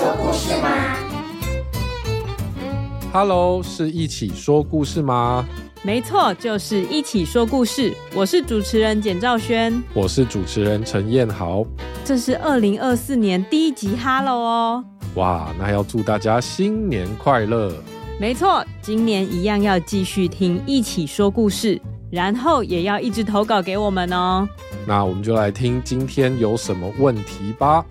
說故事嗎？Hello，是一起說故事嗎？沒錯，就是一起說故事。我是主持人簡兆軒，我是主持人陳彥豪。這是二零二四年第一集 Hello 哦。哇，那要祝大家新年快樂！沒錯，今年一樣要繼續聽一起說故事，然後也要一直投稿給我們哦。那我們就來聽今天有什麼問題吧。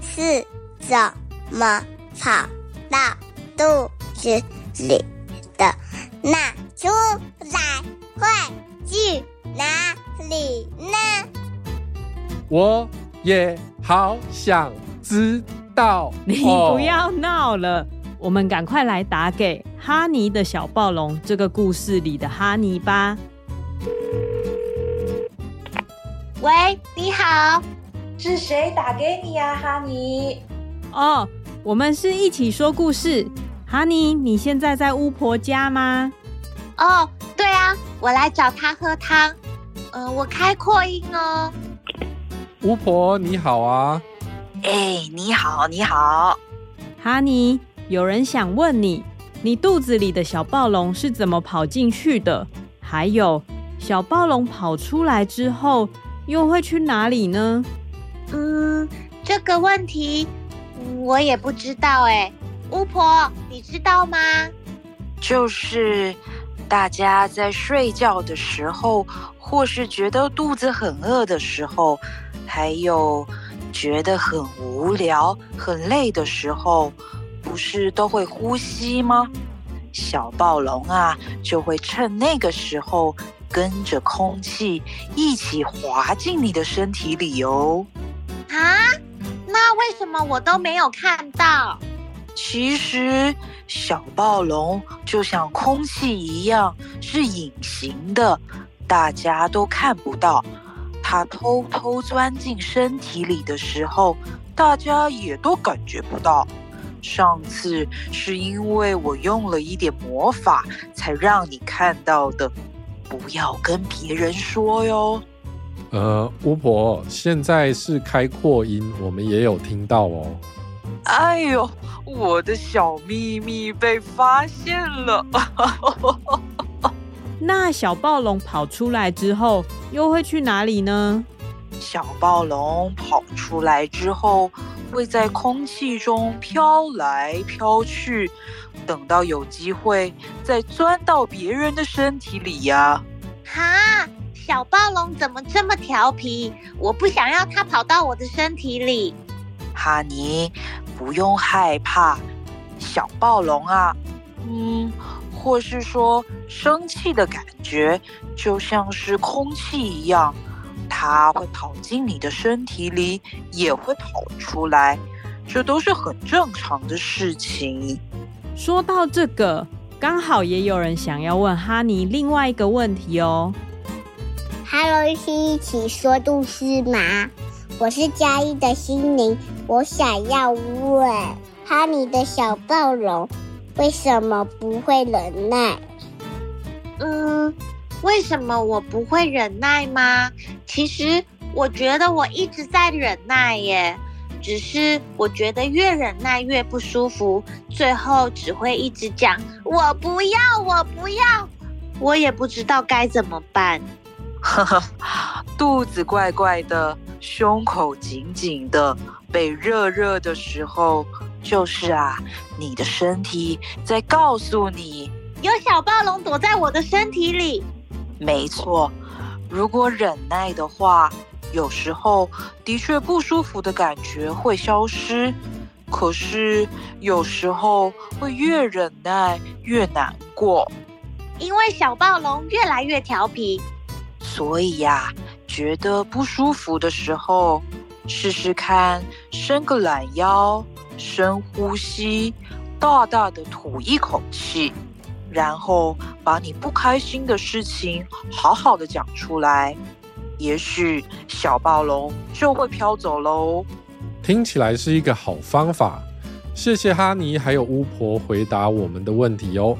是怎麼跑到肚子裡的？那出來會去哪裡呢？我也好想知道哦。你不要鬧了，我們趕快來打給哈妮的小暴龍這個故事裡的哈妮吧。喂，你好。是誰打給你呀？啊，哈妮。哦，我們是一起說故事。哈妮，你現在在巫婆家嗎？哦、oh,，對啊，我來找她喝湯。嗯、呃，我開擴音哦。巫婆你好啊！哎、hey,，你好，你好，哈妮，有人想問你，你肚子裡的小暴龍是怎麼跑進去的？還有，小暴龍跑出來之後又會去哪裡呢？嗯，這個問題我也不知道哎。巫婆，你知道嗎？就是大家在睡覺的時候，或是覺得肚子很餓的時候，還有覺得很無聊、很累的時候，不是都會呼吸嗎？小暴龍啊，就會趁那個時候，跟着空氣一起滑進你的身體裡哦。啊，那為什麼我都沒有看到？其實，小暴龍就像空氣一樣，是隱形的，大家都看不到。它偷偷鑽進身體裡的時候，大家也都感覺不到。上次是因為我用了一點魔法才讓你看到的，不要跟別人說喲。呃，巫婆現在是開擴音，我們也有聽到哦。哎呦，我的小秘密被發現了！ 那小暴龍跑出來之後又會去哪裡呢？小暴龍跑出來之後會在空氣中飄來飄去，等到有機會再鑽到別人的身體裡呀、啊。哈！小暴龍怎麼這麼調皮？我不想要它跑到我的身體裡。哈妮，不用害怕，小暴龍啊，嗯，或是說生氣的感覺，就像是空氣一樣，它會跑進你的身體裡，也會跑出來，這都是很正常的事情。說到這個，剛好也有人想要問哈妮另外一個問題哦。哈嘍，一起一起說故事嗎？我是嘉義的心靈，我想要問哈妮的小暴龍，為什麼不會忍耐。嗯，為什麼我不會忍耐嗎？其實我覺得我一直在忍耐耶，只是我覺得越忍耐越不舒服，最後只會一直講，我不要，我不要，我也不知道該怎麼辦。呵呵，肚子怪怪的，胸口緊緊的，被熱熱的時候，就是啊，你的身體在告訴你，有小暴龍躲在我的身體裡。沒錯，如果忍耐的話，有時候的確不舒服的感覺會消失，可是有時候會越忍耐越難過，因為小暴龍越來越調皮。所以呀、啊，覺得不舒服的時候，試試看伸個懶腰、深呼吸、大大的吐一口氣，然後把你不開心的事情好好的講出來，也許小暴龍就會飄走嘍。聽起來是一個好方法，謝謝哈尼還有巫婆回答我們的問題哦。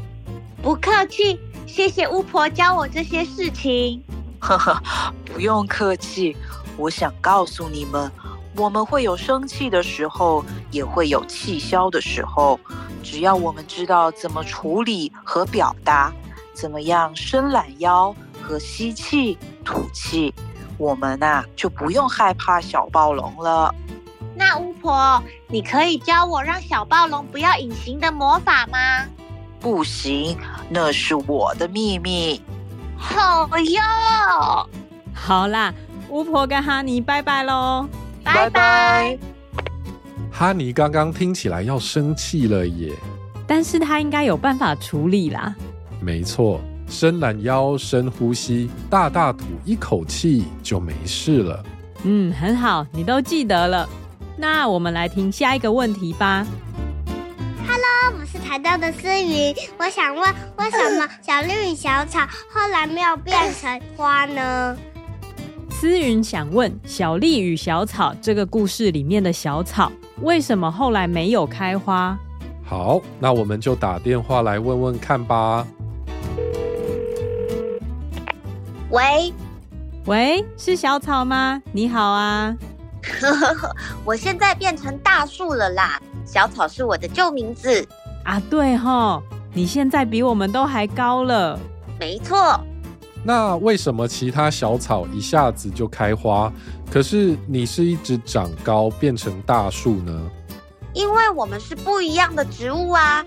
不客氣，謝謝巫婆教我這些事情。呵呵，不用客氣。我想告訴你們，我們會有生氣的時候，也會有氣消的時候。只要我們知道怎麼處理和表達，怎麼樣伸懶腰和吸氣吐氣，我們吶、啊、就不用害怕小暴龍了。那巫婆，你可以教我讓小暴龍不要隱形的魔法嗎？不行，那是我的秘密。好喲！好啦，巫婆跟哈尼拜拜嘍，拜拜！哈尼剛剛聽起來要生氣了耶，但是他應該有辦法處理啦。沒錯，伸懶腰，深呼吸，大大吐一口氣就沒事了。嗯，很好，你都記得了。那我們來聽下一個問題吧。採到的思雲，我想問，為什麼小麗與小草後來沒有變成花呢？思雲想問小麗與小草這個故事裡面的小草，為什麼後來沒有開花？好，那我們就打電話來問問看吧。喂，喂，是小草嗎？你好啊， 我現在變成大樹了啦，小草是我的舊名字。啊，對哈，你現在比我們都還高了，沒錯。那為什麼其他小草一下子就開花，可是你是一直長高變成大樹呢？因為我們是不一樣的植物啊，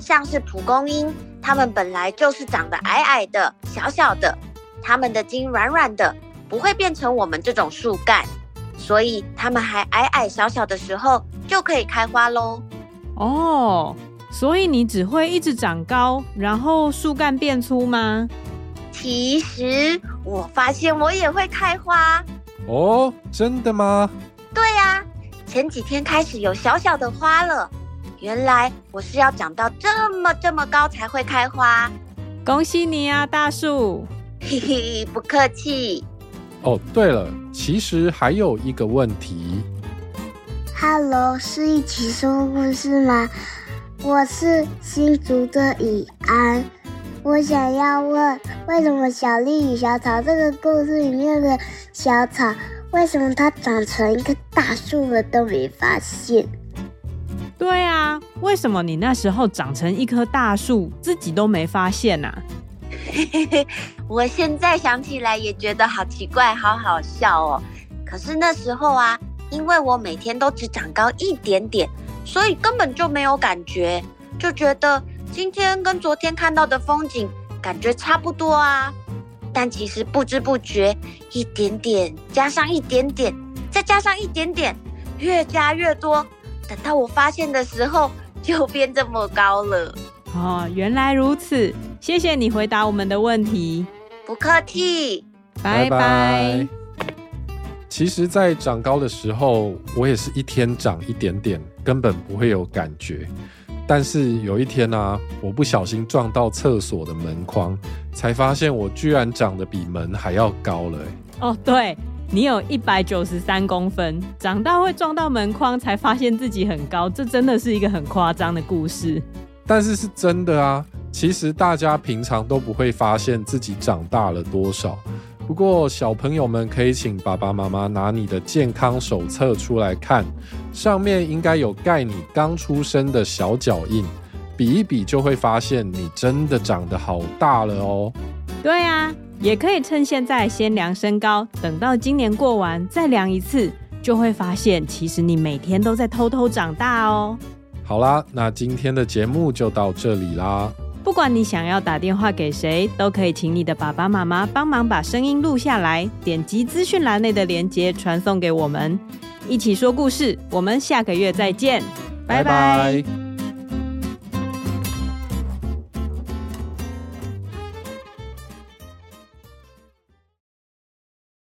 像是蒲公英，它們本來就是長得矮矮的、小小的，它們的莖軟軟的，不會變成我們這種樹幹，所以它們還矮矮、小小的時候就可以開花嘍。哦。所以你只會一直長高，然後樹幹變粗嗎？其實我發現我也會開花。哦，真的嗎？對呀，前幾天開始有小小的花了。原來我是要長到這麼這麼高才會開花。恭喜你啊，大樹！嘿嘿，不客氣。哦，對了，其實還有一個問題。Hello，是一起說故事嗎？我是新竹的以安，我想要問，為什麼《小麗與小草》這個故事裡面的小草，為什麼它長成一棵大樹了都沒發現？對啊，為什麼你那時候長成一棵大樹，自己都沒發現呢？啊？ 我現在想起來也覺得好奇怪，好好笑哦。可是那時候啊，因為我每天都只長高一點點。所以根本就沒有感覺，就覺得今天跟昨天看到的風景感覺差不多啊。但其實不知不覺，一點點加上一點點，再加上一點點，越加越多。等到我發現的時候，就變這麼高了。哦，原來如此，謝謝你回答我們的問題。不客氣，拜拜。拜拜。其實，在長高的時候，我也是一天長一點點，根本不會有感覺。但是有一天啊，我不小心撞到廁所的門框，才發現我居然長得比門還要高了欸。哦，對，你有一百九十三公分，長大會撞到門框，才發現自己很高，這真的是一個很誇張的故事。但是是真的啊！其實大家平常都不會發現自己長大了多少。不過，小朋友們可以請爸爸媽媽拿你的健康手冊出來看，上面應該有蓋你剛出生的小腳印，比一比就會發現你真的長得好大了哦。對啊，也可以趁現在先量身高，等到今年過完再量一次，就會發現其實你每天都在偷偷長大哦。好啦，那今天的節目就到這裡啦。不管你想要打電話給誰，都可以請你的爸爸媽媽幫忙把聲音錄下來，點擊資訊欄內的鏈接傳送給我們。一起說故事，我們下個月再見，拜拜。拜拜。